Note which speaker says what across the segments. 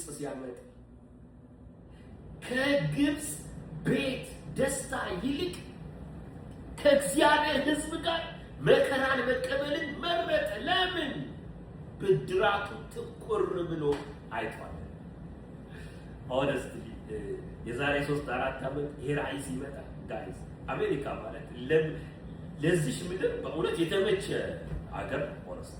Speaker 1: ከግብፅ ሲያመጥ ከግብፅ ቤት ደስታ ይልቅ ከእግዚአብሔር ሕዝብ ጋር መከራን መቀበልን መረጠ። ለምን? ብድራቱ ትኩር ብሎ አይቷል። ኦነስት የዛሬ ሶስት አራት ዓመት ይሄ ራእይ ሲመጣ ጋይዝ አሜሪካ ማለት ለዚች ምድር በእውነት የተመቸ አገር ኦነስት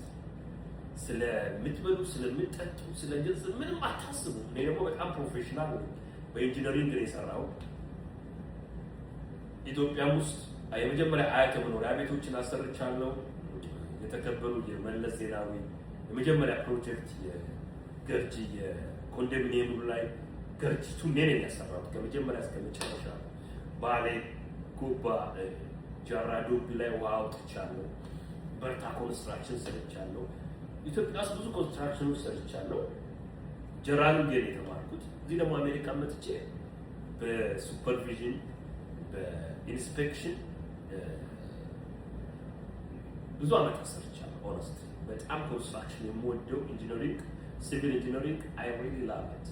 Speaker 1: ስለምትበሉ፣ ስለምጠጡ ስለ ገንዘብ ምንም አታስቡ። እኔ ደግሞ በጣም ፕሮፌሽናል ነው፣ በኢንጂነሪንግ ነው የሰራው። ኢትዮጵያም ውስጥ የመጀመሪያ አያት መኖሪያ ቤቶችን አሰርቻለሁ። የተከበሩ የመለስ ዜናዊ የመጀመሪያ ፕሮጀክት የገርጂ የኮንዶሚኒየሙ ላይ ገርጂ ቱኔ ነው ከመጀመሪያ እስከ መጨረሻ። ባሌ ጉባ ጃራ ዶቢ ላይ ውሃ አውጥቻለሁ። በርታ ኮንስትራክሽን ሰርቻለሁ። ኢትዮጵያ ውስጥ ብዙ ኮንስትራክሽኖች ሰርቻለሁ። ጀራልድ ጌር የተማርኩት እዚህ ደግሞ አሜሪካ መጥቼ በሱፐርቪዥን በኢንስፔክሽን ብዙ አመት ሰርቻለሁ። ኦነስት በጣም ኮንስትራክሽን የምወደው ኢንጂነሪንግ፣ ሲቪል ኢንጂነሪንግ አይ ሪሊ ላቭ ኢት።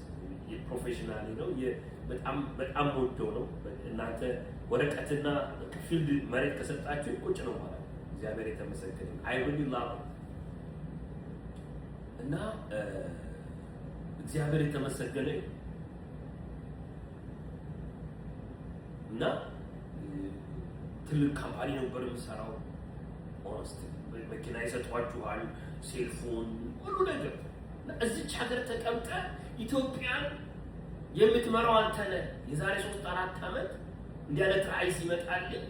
Speaker 1: የፕሮፌሽናሊ ነው በጣም በጣም ወደው ነው። እናንተ ወረቀትና ፊልድ መሬት ከሰጣችሁ ቁጭ ነው ማለት እግዚአብሔር የተመሰገነ አይ ሪሊ ላቭ ኢት እና እግዚአብሔር የተመሰገነ እና ትልቅ ካምፓኒ ነበር የምሰራው። ኦነስት መኪና ይሰጧችኋል፣ ሴልፎን፣ ሁሉ ነገር እዚች ሀገር ተቀምጠ ኢትዮጵያን የምትመራው አንተ ነህ። የዛሬ ሶስት አራት ዓመት እንዲህ አይነት ራዕይ ሲመጣልኝ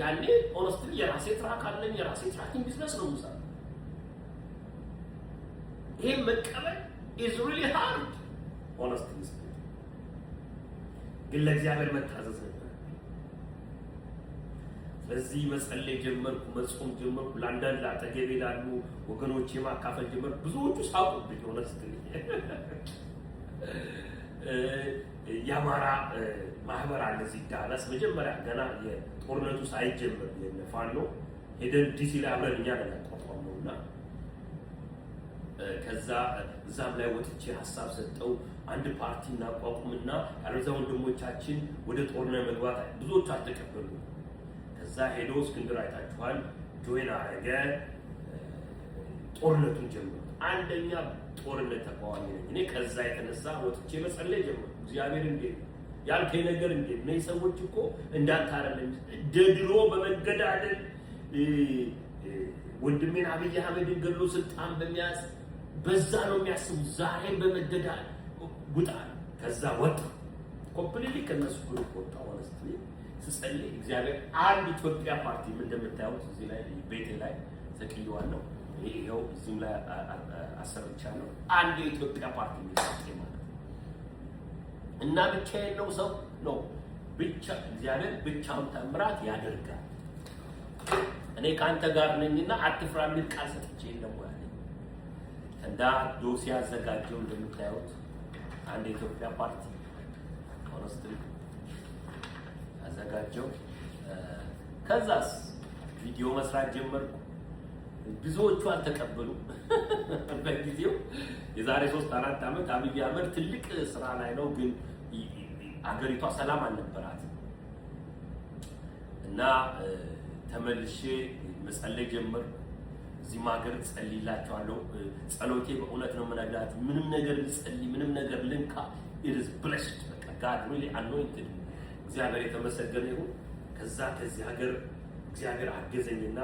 Speaker 1: ያኔ ኦነስትሊ የራሴ ትራክ አለኝ፣ የራሴ ትራኪንግ ቢዝነስ ነው የምሰራው ይህም መቀበል ኢዝ ሪሊ ሃርድ ሆነስትሊ ስፒኪንግ፣ ግን ለእግዚአብሔር መታዘዝ ነበር። ስለዚህ መጸለይ ጀመርኩ፣ መጾም ጀመርኩ፣ ለአንዳንድ ለአጠገቤ ላሉ ወገኖች የማካፈል ጀመር። ብዙዎቹ ሳቁብኝ። ሆነስትሊ የአማራ ማህበር አለ እዚህ ዳላስ። መጀመሪያ ገና የጦርነቱ ሳይጀመር የፋኖ ሄደን ዲሲ ላይ አብረን እኛ ነው እና ከዛ እዛም ላይ ወጥቼ ሀሳብ ሰጠው። አንድ ፓርቲ እናቋቁምና ያለዛ ወንድሞቻችን ወደ ጦርነት መግባት ብዙዎች አልተቀበሉ። ከዛ ሄዶ እስክንድር አይታችኋል፣ ጆይን አረገ። ጦርነቱን ጀምሩ። አንደኛ ጦርነት ተቃዋሚ ነኝ እኔ። ከዛ የተነሳ ወጥቼ መጸለይ ጀምሩ። እግዚአብሔር እንዴት ያልከኝ ነገር እንዴት ነው? ሰዎች እኮ እንዳታረለኝ ደድሮ በመገዳደል ወንድሜን አብይ አህመድን ገሎ ስልጣን በሚያዝ በዛ ነው የሚያስቡ። ዛሬ በመደዳ ውጣ ከዛ ወጣ ኮምፕሊትሊ ከነሱ ግሩፕ ወጣ። ሆነስትሊ ስጸልይ እግዚአብሔር አንድ ኢትዮጵያ ፓርቲ እንደምታዩት እዚህ ላይ ቤቴ ላይ ተቅየዋለሁ። ይኸው እዚህም ላይ ነው አንድ የኢትዮጵያ ፓርቲ ሚሳጤ ማለት እና ብቻ የለው ሰው ነው ብቻ እግዚአብሔር ብቻውን ተምራት ያደርጋል። እኔ ከአንተ ጋር ነኝና አትፍራ የሚል ቃል ሰጥቼ የለም ዶሴ ያዘጋጀው እንደምታዩት አንድ የኢትዮጵያ ፓርቲ ኦነስትሪ ያዘጋጀው። ከዛስ ቪዲዮ መስራት ጀመርኩ። ብዙዎቹ አልተቀበሉ። በጊዜው የዛሬ ሶስት አራት ዓመት አብይ አህመድ ትልቅ ስራ ላይ ነው፣ ግን አገሪቷ ሰላም አልነበራት እና ተመልሼ መጸለይ ጀመርኩ። እዚህም ሀገር ጸልይላቸዋለሁ። ጸሎቴ በእውነት ነው የምነግራችሁ። ምንም ነገር ልጸልይ፣ ምንም ነገር ልንካ ኢዝ ብለሽድ በቃ ጋድ ሪሊ አኖይንትድ እግዚአብሔር የተመሰገነ ይሁን። ከዛ ከዚህ ሀገር እግዚአብሔር አገዘኝና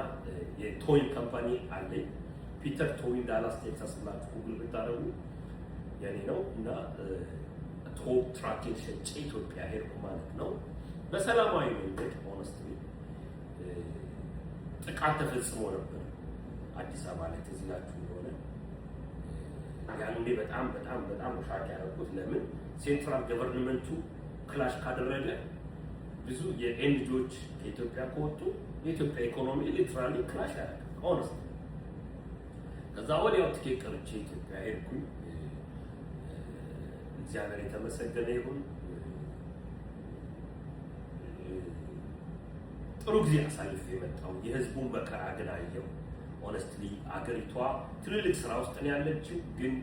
Speaker 1: የቶይን ካምፓኒ አለኝ ፒተር ቶዊን ዳላስ ቴክሳስ ብላችሁ ጉግል ብታደርጉ የኔ ነው እና ቶ ትራኬን ሸጬ ኢትዮጵያ ሄድኩ ማለት ነው። በሰላማዊ መንገድ ሆነስትሊ ጥቃት ተፈጽሞ ነበር። አዲስ አበባ ላይ ተዝናችሁ እንደሆነ ያንዴ በጣም በጣም በጣም ሻቅ ያደረጉት ለምን ሴንትራል ገቨርንመንቱ ክላሽ ካደረገ ብዙ የኤንጂዎች ከኢትዮጵያ ከወጡ የኢትዮጵያ ኢኮኖሚ ሊትራሊ ክላሽ ያደረገ ሆነስ ከዛ ወዲያው ትኬት ቀርቼ ኢትዮጵያ ሄድኩኝ። እግዚአብሔር የተመሰገነ ይሁን። ጥሩ ጊዜ አሳልፍ የመጣው የህዝቡን መከራ ግን አየው። ኦነስትሊ አገሪቷ ትልልቅ ስራ ውስጥ ነው ያለችው። ግን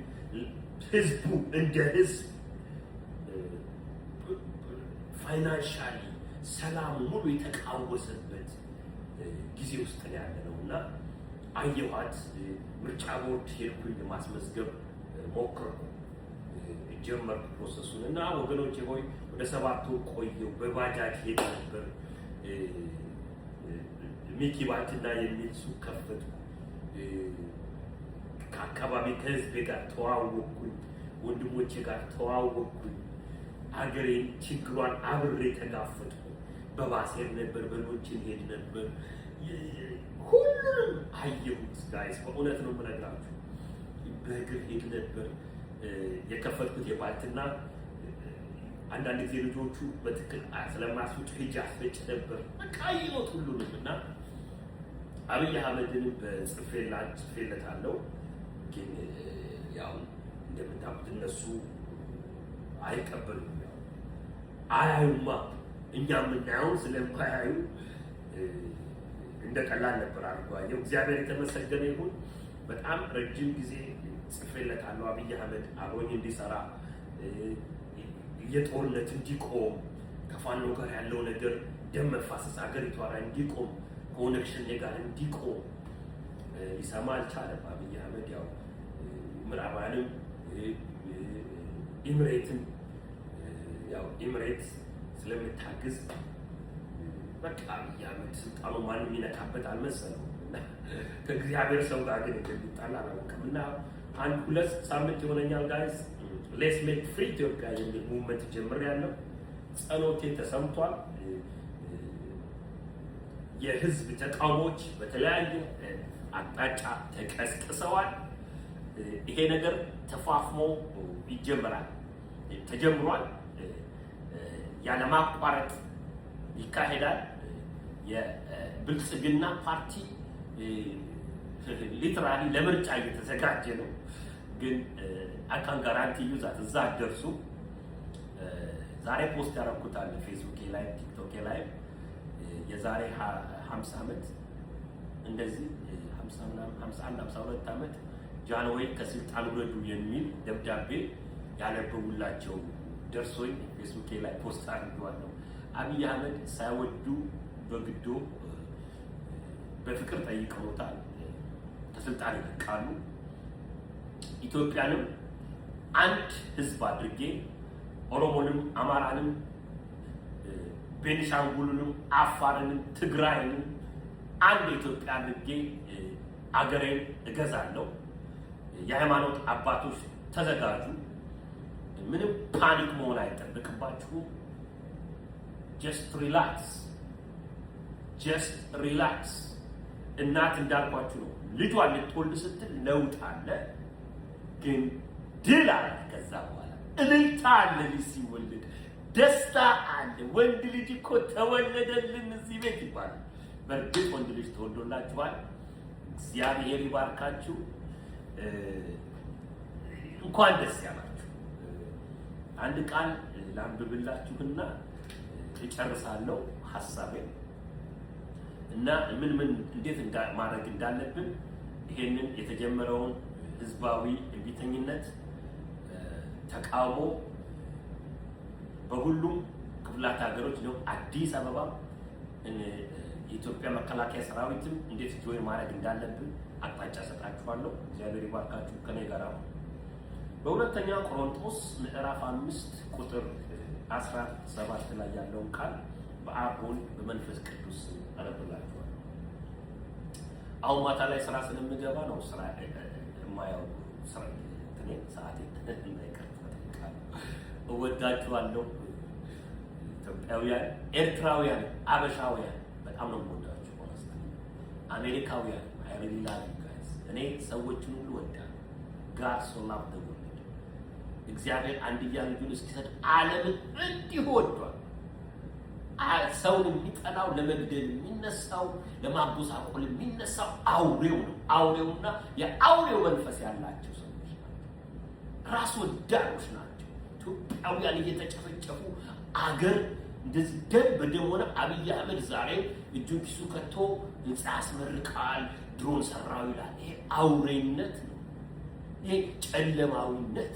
Speaker 1: ህዝቡ እንደ ህዝብ ፋይናንሻሊ ሰላም ሙሉ የተቃወሰበት ጊዜ ውስጥ ነው ያለ ነው እና አየኋት። ምርጫ ቦርድ ሄድኩኝ ለማስመዝገብ ሞክርኩ ጀመርኩ ፕሮሰሱን እና ወገኖች ሆይ ወደ ሰባት ወር ቆየው በባጃጅ ሄድ ነበር ሚኪ ባልትና የሚል ሱቅ ከፈትኩ። ከአካባቢ ከህዝብ ጋር ተዋወቅኩኝ፣ ወንድሞቼ ጋር ተዋወቅኩኝ። ሀገሬን ችግሯን አብሬ ተጋፈጥኩ። በባሴር ነበር፣ በኖችን ሄድ ነበር። ሁሉንም አየሁት ጋይስ፣ በእውነት ነው የምነግራችሁ። በእግር ሄድ ነበር የከፈትኩት የባልትና አንዳንድ ጊዜ ልጆቹ በትክክል ስለማስወጡ ሄጅ አስፈጭ ነበር። በቃ አየሁት ሁሉንም እና አብይ አህመድንም ጽፌለታለሁ። ግን ያው እንደምታውቁት እነሱ አይቀበሉም። ያው አያዩማ እኛ የምናየውን ስለማያዩ እንደ ቀላል ነበር አድርጓየው። እግዚአብሔር የተመሰገነ ይሁን። በጣም ረጅም ጊዜ አለው አብይ አህመድ አብሮኝ እንዲሰራ የጦርነት እንዲቆም ከፋኖ ጋር ያለው ነገር ደም መፋሰስ አገሪቷ ላይ እንዲቆም ከኦነግ ሸኔ ጋር እንዲቆም ሊሰማ አልቻለም። አብይ አህመድ ያው ምዕራባንም ኢምሬትን ያው ኢምሬት ስለምታግዝ በቃ አብይ አህመድ ስልጣኑ ማንም ይነካበት አልመሰለውም። ከእግዚአብሔር ሰው ጋር ግን እንደሚጣል አላወቅም። እና አንድ ሁለት ሳምንት የሆነኛል ጋይስ ሌስ ሜክ ፍሪ ኢትዮጵያ የሚል ሙቭመንት ጀምሬያለሁ። ጸሎቴ ተሰምቷል። የህዝብ ተቃውሞች በተለያየ አቅጣጫ ተቀስቅሰዋል። ይሄ ነገር ተፋፍሞ ይጀምራል ተጀምሯል። ያለማቋረጥ ይካሄዳል። የብልጽግና ፓርቲ ሊትራሊ ለምርጫ እየተዘጋጀ ነው፣ ግን አካን ጋራንቲ ዩዛት እዛ ደርሱ። ዛሬ ፖስት ያደረኩት አለ ፌስቡኬ ላይ ቲክቶኬ ላይ የዛሬ ሀምሳ ዓመት እንደዚህ ሀምሳ አንድ ዓመት ጃን ሆይ ከስልጣን ውረዱ የሚል ደብዳቤ ያነበቡላቸው ደርሶኝ ፌስቡኬ ላይ ፖስት አድርገዋለሁ። አብይ አህመድ ሳይወዱ በግዶ በፍቅር ጠይቀውታል። ከስልጣን ይለቃሉ። ኢትዮጵያንም አንድ ህዝብ አድርጌ ኦሮሞንም አማራንም ቤኒሻንጉልንም አፋርንም ትግራይንም አንድ ኢትዮጵያ አድርጌ አገሬን እገዛለሁ። የሃይማኖት አባቶች ተዘጋጁ። ምንም ፓኒክ መሆን አይጠበቅባችሁም። ጀስት ሪላክስ ጀስት ሪላክስ። እናት እንዳልኳችሁ ነው። ልጇን ልትወልድ ስትል ለውጥ አለ፣ ግን ድል አለ። ከዛ በኋላ እልልታ አለ ሲወልድ ደስታ አለ። ወንድ ልጅ እኮ ተወለደልን እዚህ ቤት ይባላል። በእርግጥ ወንድ ልጅ ተወልዶላችኋል። እግዚአብሔር ይባርካችሁ። እንኳን ደስ ያላችሁ። አንድ ቃል ላንብብላችሁና እጨርሳለሁ ሀሳቤ እና ምን ምን እንዴት ማድረግ እንዳለብን ይሄንን የተጀመረውን ህዝባዊ እንቢተኝነት ተቃውሞ በሁሉም ክፍላት ሀገሮች ነው። አዲስ አበባ የኢትዮጵያ መከላከያ ሰራዊትም እንዴት ጆይን ማድረግ እንዳለብን አቅጣጫ ሰጣችኋለሁ። እግዚአብሔር ይባርካችሁ ከኔ ጋር ነው። በሁለተኛ ቆሮንቶስ ምዕራፍ አምስት ቁጥር አስራ ሰባት ላይ ያለውን ቃል በአብ በወልድ በመንፈስ ቅዱስ አነብላችኋለሁ። አሁን ማታ ላይ ስራ ስለምገባ ነው ስራ የማየው ስራ ሰዓቴ እንዳይቀር እወዳችኋለሁ። ኢትዮጵያውያን፣ ኤርትራውያን፣ አበሻውያን በጣም ነው የምወዳቸው። ሆነስታ አሜሪካውያን አይ ጋይስ። እኔ ሰዎችን ሁሉ ወዳለሁ። ጋድ ሶ ላቭድ ዘ ወርልድ እግዚአብሔር አንድያ ልጁን እስኪሰጥ ዓለምን እንዲሁ ወዷል። ሰውን የሚጠላው ለመግደል የሚነሳው ለማጎሳቆል የሚነሳው አውሬው ነው። አውሬውና የአውሬው መንፈስ ያላቸው ሰዎች ናቸው። ራስ ወዳዶች ናቸው። ኢትዮጵያውያን እየተጨፈጨፉ አገር እንደዚህ ደም በደም ሆነ። አብይ አህመድ ዛሬ እጁን ኪሱ ከቶ ህንፃ አስመርቃል ድሮን ሰራው ይላል። ይሄ አውሬነት ነው። ይሄ ጨለማዊነት